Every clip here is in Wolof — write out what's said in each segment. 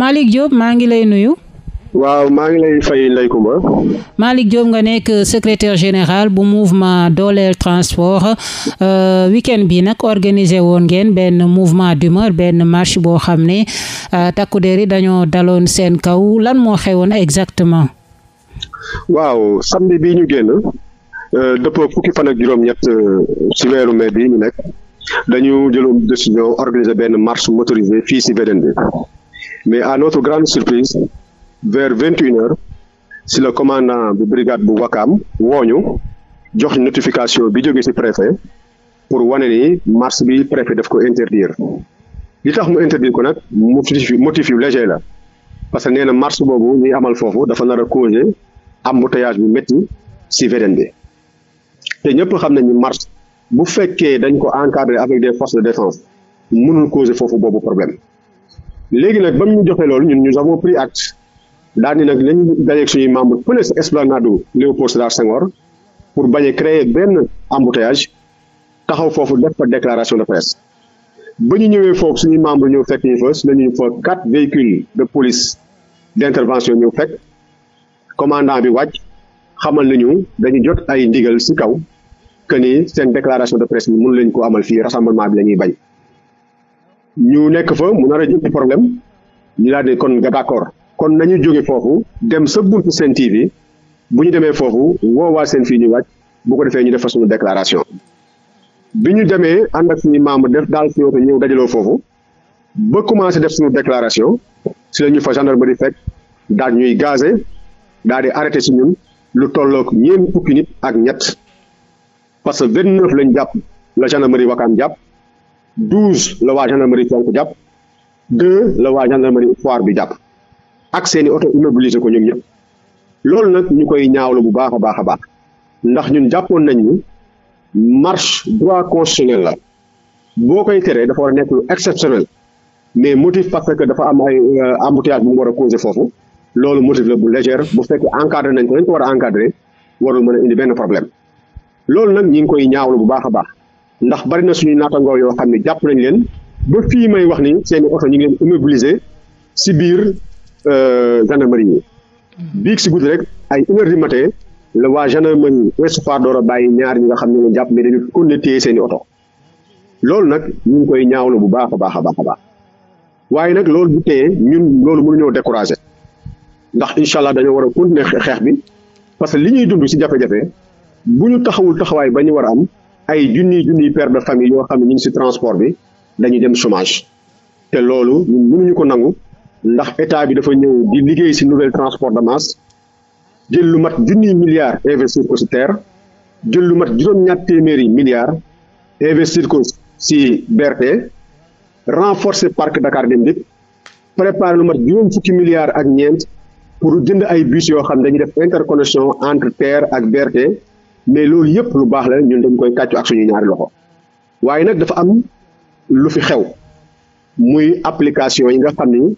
Malick Diop maa ngi lay nuyu. waaw maa ngi lay fay Ndeye Comba. Malick Diop nga nekk secretaire général bu mouvement dooleel transport euh, week-end bi nag organiser woon ngeen benn mouvement d'humeur benn marché boo xam ne euh, takku takkudeer yi dañoo daloon seen kaw lan moo xewoon exactement. waaw samedi bii ñu génn euh, fukki fan juróom-ñett euh, ci weeru mai bii ñu nekk dañu jëloon décision organiser benn marche motorisée fii ci VDN bi. mais à notre grande surprise vers vingt une heures si le commandant bu brigade bu Wakaam wooñu jox notification bi jóge ci préfet pour wane ni marche bi préfet daf ko interdire li tax mu interdire ko nag motif motif yu léger la parce que nee na marche boobu ñuy amal foofu dafa nar a causer embouteillage bu métti ci VDN bi te ñëpp xam nañu marche bu fekkee dañ ko encadrer avec des forces de défense mënul causer foofu boobu problème léegi nag ba mu joxee loolu ñun ñu avons pris acte daal ni nag nañu dajeeg suñuy membre fële sa esplanade Léopold Sédar Senghor pour bañ a créer benn embouteillage taxaw foofu def fa déclaration de presse ba ñu ñëwee foofu suñuy membre ñëw fekk ñu fa su nañu fa quatre véhicules de police d' intervention ñëw fekk commandant bi wàcc xamal nañu dañu jot ay ndigal si kaw que ni seen déclaration de presse bi mënu lañ ko amal fii rassemblement bi la ñuy bañ ñu nekk fa mu nar a jël problème ñu daal di kon nga accord kon nañu jóge foofu dem sa buntu seen TV bu ñu demee foofu woowaa seen fii ñu wàcc bu ko defee ñu def fa suñu déclaration bi ñu demee ànd ak suñu membre def daal si oto ñëw dajaloo foofu ba commencé def suñu déclaration si la ñu fa gendarmerie fekk daal ñuy gazé daal di arrêté si ñun lu tolloog ñeent fukki nit ak ñett parce que lañu neuf lañ jàpp la gendarmerie Wakaam jàpp douze la waa gendarmerie Fouare bi jàpp deux la waa gendarmerie Fouare bi jàpp ak seeni oto immobilisé ko ñoom ñëpp loolu nag ñu koy ñaawlu bu baax a baax a baax ndax ñun jàppoon nañ ni marche droit constitutionnel la boo koy teree dafa war a nekk lu exceptionnel mais motif parce que dafa am ay euh, embouteillage bu mu war a causé foofu loolu motif la bu légère bu fekkee encadré nañ ko dañ ko war a encadré warul mën a indi benn problème loolu nag ñi ngi koy ñaawlu bu baax a baax ndax bari na suñuy naatangoo yoo xam ne jàpp nañ leen ba fii may wax ni seeni oto ñu ngi leen immobilisé si biir euh, gendarmerie yi mm-hmm. biig si guddi rek ay une la waa gendarmerie Ouest Foire Doro bàyyi ñaar ñi nga xam ne ñu jàpp ne dañu continuer seeni oto loolu nag ñu ngi koy ñaawlu bu baax a baax a baax baax waaye nag loolu bu téye ñun loolu mënuñoo découragé ndax incha allah dañoo war a continuer xeex bi parce que li ñuy dund si jafe-jafe bu ñu taxawul taxawaay ba ñu war a am ay junniy junniy père de famille yoo xam ne ñu ngi si transport bi dañuy dem chômage te loolu ñun mënuñu ko nangu ndax état bi dafa ñëw di liggéey si nouvelle transport de masse jël lu mat junniy milliards investir ko terre jël lu mat juróom-ñaar téeméeri milliards investir ko si BRT renforcer parc Dakar Dem Dikk préparer lu mat juróom fukki milliards ak ñeent pour jënd ay bus yoo xam ne dañuy def interconnexion entre terre ak BRT. mais loolu yëpp lu baax la ñun dañ koy kàccu ak suñu ñaari loxo waaye nag dafa am lu fi xew muy application yi nga xam ni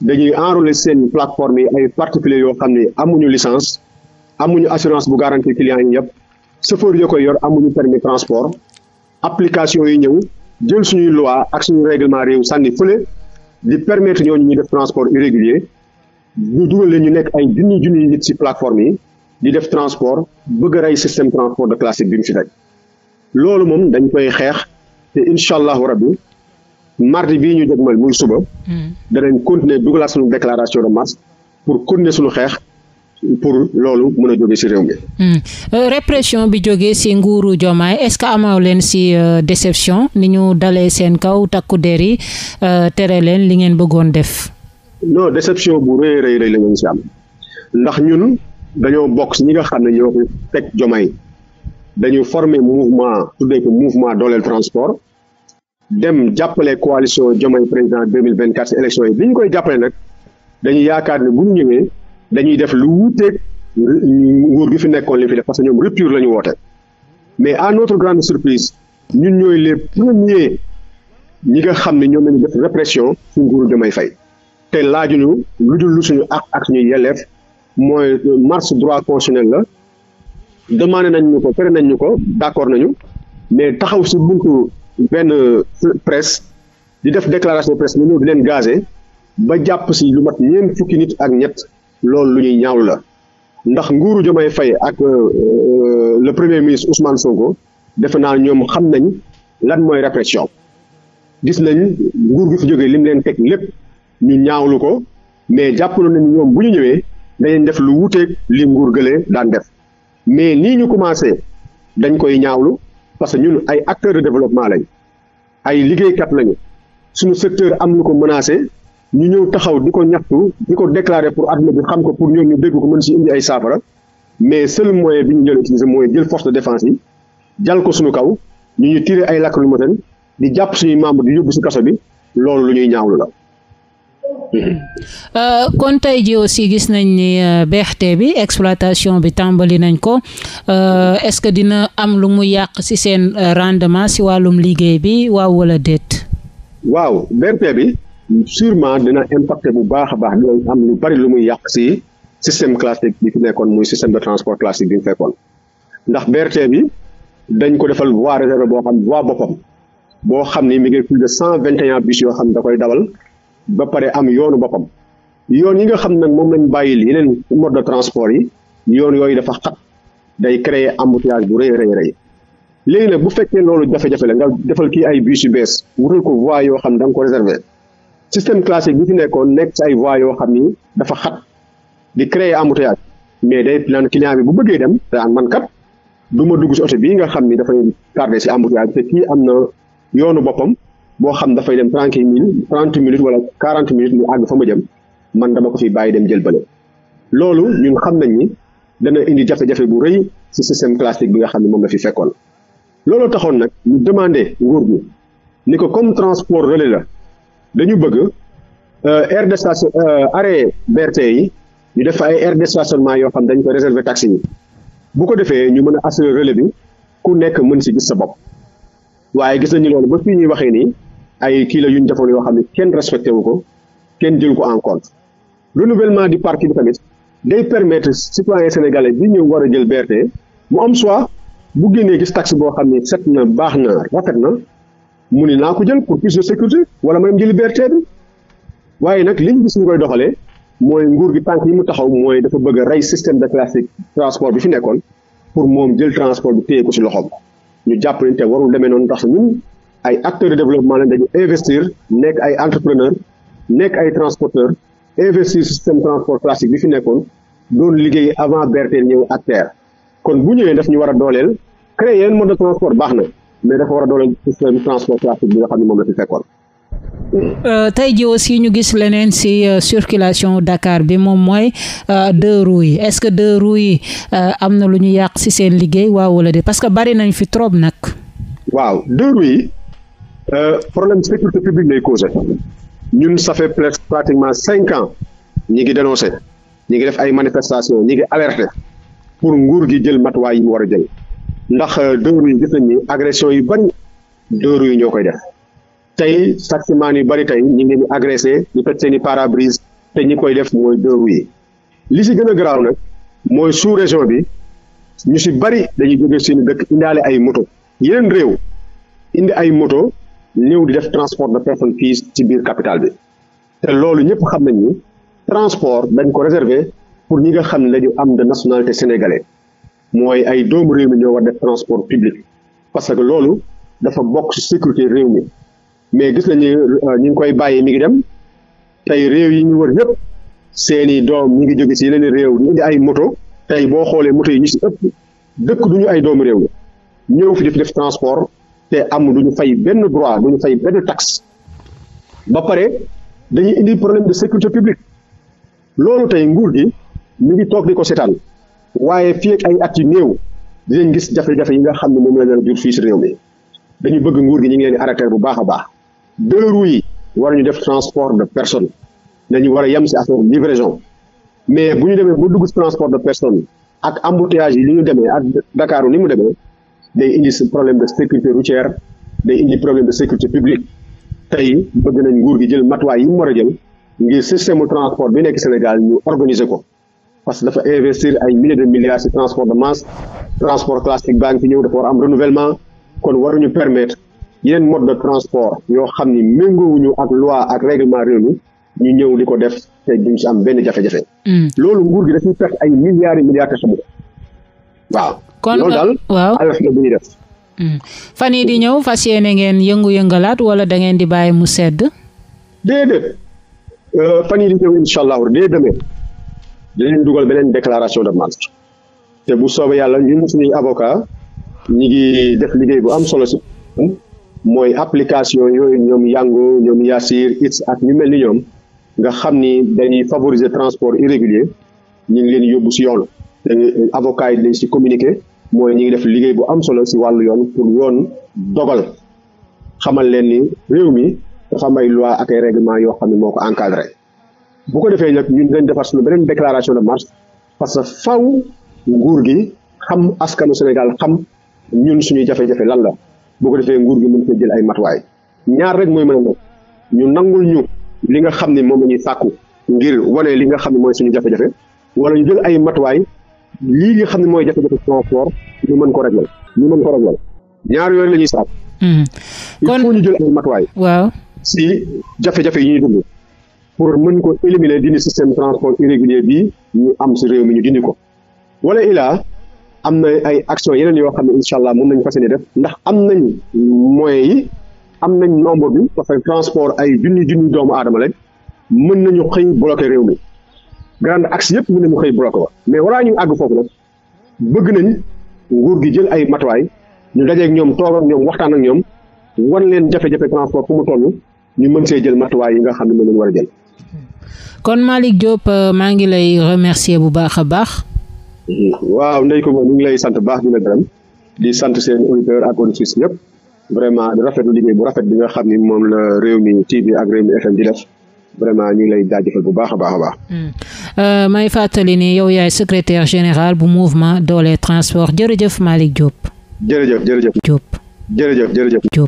dañuy enrôler seen plateforme yi ay particuliers yoo xam ni amuñu licence amuñu assurance bu garantie client yi yëpp chauffeur yoo yor amuñu permis transport application yi ñëw jël suñuy loi ak suñu règlement réew sànni fële di permettre ñooñu ñuy def transport irrégulier ñu dugal leen ñu nekk ay junni junni nit ci plateforme yi di def transport bëgg a rey système transport de classe bi mu fi daj loolu moom dañ koy xeex te incha allahu rabbi mardi bii ñu jëgmal muy suba. Hmm. danañ continuer dugalaat suñu déclaration de masse pour continuer suñu xeex. pour loolu mën a jóge ci réew mi. Hmm. Euh, répression bi jóge ci nguuru Diomaye est-ce que amoo leen ci euh, déception ni ñu dalee seen kaw takku der yi euh, tere leen li ngeen bëggoon def. non déception bu rëy rëy rëy la ngeen am ndax ñun dañoo bokk si ñi nga xam ne ñoo ko teg Diomaye dañu former mouvement tuddee ko mouvement dooleel transport dem jàppale coalition Diomaye président deux mille vingt quatre si élection yi bi ñu koy jàppale nag dañu yaakaar ne bu ñu ñëwee dañuy def lu wuuteeg nguur gi fi nekkoon li fi def parce que ñoom rupture la ñu woote mais à notre grande surprise ñun ñooy les premiers ñi nga xam ne ñoom lañu def répression fu nguur Diomaye fay te laajuñu lu dul lu suñu ak ak suñuy yelleef mooy marche droit constitutionnel la demandé nañ ñu ko fere nañ ñu ko d'accord nañu mais taxaw si buntu benn presse di def déclaration de presse ñu ñëw di leen gazé ba jàpp si lu mat ñeent fukki nit ak ñett loolu lu ñuy ñaawlu la ndax nguuru Diomaye Faye ak euh, le premier ministre Ousmane Sonko defe naa ñoom xam nañ lan mooy répression gis nañ nguur gi fi jógee lim leen teg lépp ñu ñaawlu ko mais jàpp nañ ñoom bu ñu ñëwee. dañuy def lu wuuteeg li nguur gële daan def mais nii ñu commencé dañ koy ñaawlu parce que ñun ay acteurs de développement lañ ay liggéeykat lañu suñu secteur am lu ko menacé ñu ñëw taxaw di ko ñaxtu di ko déclarer pour adduna bi xam ko pour ñoom ñu dégg ko mën si indi ay saafara mais seul moyen bi ñu jël utiliser mooy jël force de défense yi jal ko suñu kaw ñu ñu tiré ay lu lacrymogène di jàpp suñuy membre di yóbbu si kaso bi loolu lu ñuy ñaawlu la Euh, kon tey ji aussi gis nañ ni euh, BRT bi exploitation bi tàmbali nañ ko euh, est-ce que dina am lu mu yàq si seen rendement si wàllum liggéey bi waaw wala déet. waaw BRT bi sûrement dina impacté bu baax a baax dina am lu bari lu muy yàq si système classique bi fi nekkoon muy système de transport classique bi fi nekkoon ndax BRT bi dañ ko defal voie réservée boo xam voie boppam boo xam ni mi ngi plus de cent vingt et un yoo xam da koy dawal. ba pare am yoonu boppam yoon yi nga xam nag moom lañ bàyyil yeneen mode de transport yi yoon yooyu dafa xat day créer embouteillage bu rëy rëy rëy léegi nag bu fekkee loolu jafe-jafe la nga defal kii ay bus si bees wutal ko voie yoo xam da nga ko réserver système classique bi fi nekkoon nekk si ay voie yoo xam ni dafa xat di créer embouteillage mais day naan client bi bu bëggee dem daan man kat du ma dugg si oto bii nga xam ni dafay tardé si embouteillage te kii am na yoonu boppam boo xam dafay dem trente minutes trente minutes wala quarante minutes mu àgg fa ma jëm man dama ko fi bàyyi dem jël bële loolu ñun xam nañ ni dana indi jafe-jafe bu rëy ci système classique bi nga xam ne moom la fi fekkoon looloo taxoon nag ñu demande nguur gi ni ko comme transport relais la dañu bëgg euh, aire de station euh, arrêt berte yi ñu def ay aire de stationnement yoo xam dañ ko réserver taxi yi bu ko defee ñu mën a assurer relais bi ku nekk mën si gis sa bopp waaye gis ay kii la yu ñu defoon yoo xam ne kenn respecté wu ko kenn jël ko en contre renouvellement du parti bi tamit day permettre citoyen sénégalais bi ñu war a jël berte mu am soit bu génnee gis taxe boo xam ne set na baax na rafet na mu ni naa ko jël pour plus de sécurité wala ma dem jëli BRT bi waaye nag liñ gis ñu koy doxalee mooy nguur gi tànk yi mu taxaw mooy dafa bëgg rey système de classique transport bi fi nekkoon pour moom jël transport bi téye ko ñu jàpp ne te demee noonu ndax ñun ay acteurs de développement lañ dañu investir nekk ay entrepreneur nekk ay transporteur investir système transport classique bi fi nekkoon doon liggéey avant BRT ñëw ak kon bu ñëwee daf ñu war a dooleel créer yeneen mode de transport baax na mais dafa war a dooleel système transport classique bi nga xam ne moom la fekkoon. Euh, tey ji aussi ñu gis leneen ci euh, circulation Dakar bi moom mooy euh, deux roues yi est-ce que deux roues yi am na lu ñu yàq ci seen liggéey waaw wala de parce que bari nañ fi trop nag. waaw Euh, problème sécurité publique lay causé ñun ça fait pratiquement cinq ans ñi ngi dénoncé ñi ngi def ay manifestation ñi ngi alerté pour nguur gi jël matuwaay yi mu war a jël ndax euh, dóor yi gis nañ ni agression yu bari dóor yi ñoo koy def tey taximaan yu bari tey ñi ngi leen di agressé ñu toj seen i parabrise te ñi koy def mooy dóor yi li si gën a garaaw nag mooy sous région bi ñu si bari dañuy jóge seen dëkk indaale ay moto yeneen réew indi ay moto néew di def transport de personne fii ci biir capitale bi te loolu ñëpp xam nañ ni transport dañ ko réserver pour ñi nga xam ne dañu am de nationalité sénégalaise mooy ay doomu réew mi ñoo war def transport public parce que loolu dafa bokk ci sécurité réew mi mais gis nañu euh, ñu ngi koy bàyyi mi ngi dem tey réew yi ñu wër yëpp seeni doom ñu ngi jóge ci yeneen réew ñu indi ay moto tey boo xoolee moto yi ñu ci ëpp dëkk duñu ay doomu réew mi ñëw fi def def transport te am du fay benn droit du ñu fay benn taxe ba pare dañuy indi problème de sécurité publique loolu tey nguur gi mu ngi toog di ko seetaan waaye fii ay at yu néew dinañ gis jafe-jafe yi nga xam ne moom la leen jur fii si réew mi dañu bëgg nguur gi ñu ngi leen di bu baax a baax deux roues yi war ñu def transport de personne dañu war a yem si affaire livraison mais bu ñu demee bu dugg transport de personne ak embouteillage yi li ñu demee ak ndakaaru ni mu demee day indi sa problème de sécurité routière day indi problème de sécurité publique tey bëgg nañ nguur gi jël matuwaay yi mu war a jël ngir système transport bi nekk Sénégal ñu organiser ko parce que dafa investir ay milliers de milliards ci transport de masse transport classique baa ngi fi ñëw dafa war am renouvellement kon waruñu permetre yeneen mode de transport yoo xam ni méngoowuñu ak loi ak règlement réew mi ñu ñëw di ko def te duñ ci am benn jafe-jafe. Hmm. loolu nguur gi kon daal waaw hmm. fan yii di ñëw fas yéene ngeen yëngu-yëngalaat wala da ngeen di bàyyi mu sedd. déedéet euh, fan yi di ñëw incha allah dès demain dinañ dugal beneen déclaration de marche te bu soobee yàlla ñu suñuy avocat ñi ngi def liggéey bu am solo si mooy application yooyu ñoom Yango ñoom Yassir It's ak ñu mel ni ñoom nga xam ni dañuy favoriser transport irrégulier ñu ngi leen yóbbu si yoon. avocat yi dinañ si communiquer. mooy ñu ngi def liggéey bu am solo si wàllu yoon pour yoon dogal xamal leen ni réew mi dafa am ay loi ak ay yoo xam ne moo ko encadré bu ko defee nag ñun dañ defar beneen déclaration de marche parce que faw nguur gi xam askanu Sénégal xam ñun suñuy jafe lan la bu ko defee nguur gi mën ko jël ay matuwaay ñaar rek mooy mën a nekk ñu li nga xam ne moom la ñuy sàkku ngir wane li nga xam ne mooy suñu jafe-jafe wala ñu jël ay matuwaay lii li xam ne mooy jafe-jafe transport ñu mën ko réglal ñu mën ko réglal ñaar yooyu lañuy ñuy saab hmm. kon il ñu jël ay matuwaay si jafe-jafe yi mën ko éliminer dindi système transport irrégulier bi ñu am si réew mi ñu dindi ko wala ilaa am na ay action yeneen yoo xam ne incha allah mën nañ fas yéene def ndax am nañ moyens yi am nañ nombre bi parce que transport ay junni junni doomu aadama lañ mën nañu xëy bloqué réew mi grande axe yëpp ñu ne mu xëy bloqué ko mais waraa ñu àgg foofu nag bëgg nañu nguur gi jël ay matuwaay ñu dajeek ñoom toog ak ñoom waxtaan ak ñoom wan leen jafe-jafe transport fu mu toll ñu mën see jël matuwaay yi nga xam ne moom lañ war a jël. kon Malick Diop euh, maa ngi lay remercier bu baax a baax. waaw ndey ko moom ñu ngi lay sant baax di la gërëm di sant seen auditeurs ak auditrices yëpp vraiment di rafetlu liggéey bu rafet bi nga xam ni moom la Rewmi TV ak Rewmi FM di def vraiment ñu ngi lay jaajëfal bu baax a baax a baax. Hmm. Euh, may fàttali ni yow yaay secretaire général bu mouvement doole transport jërëjëf Malick Diop. jërëjëf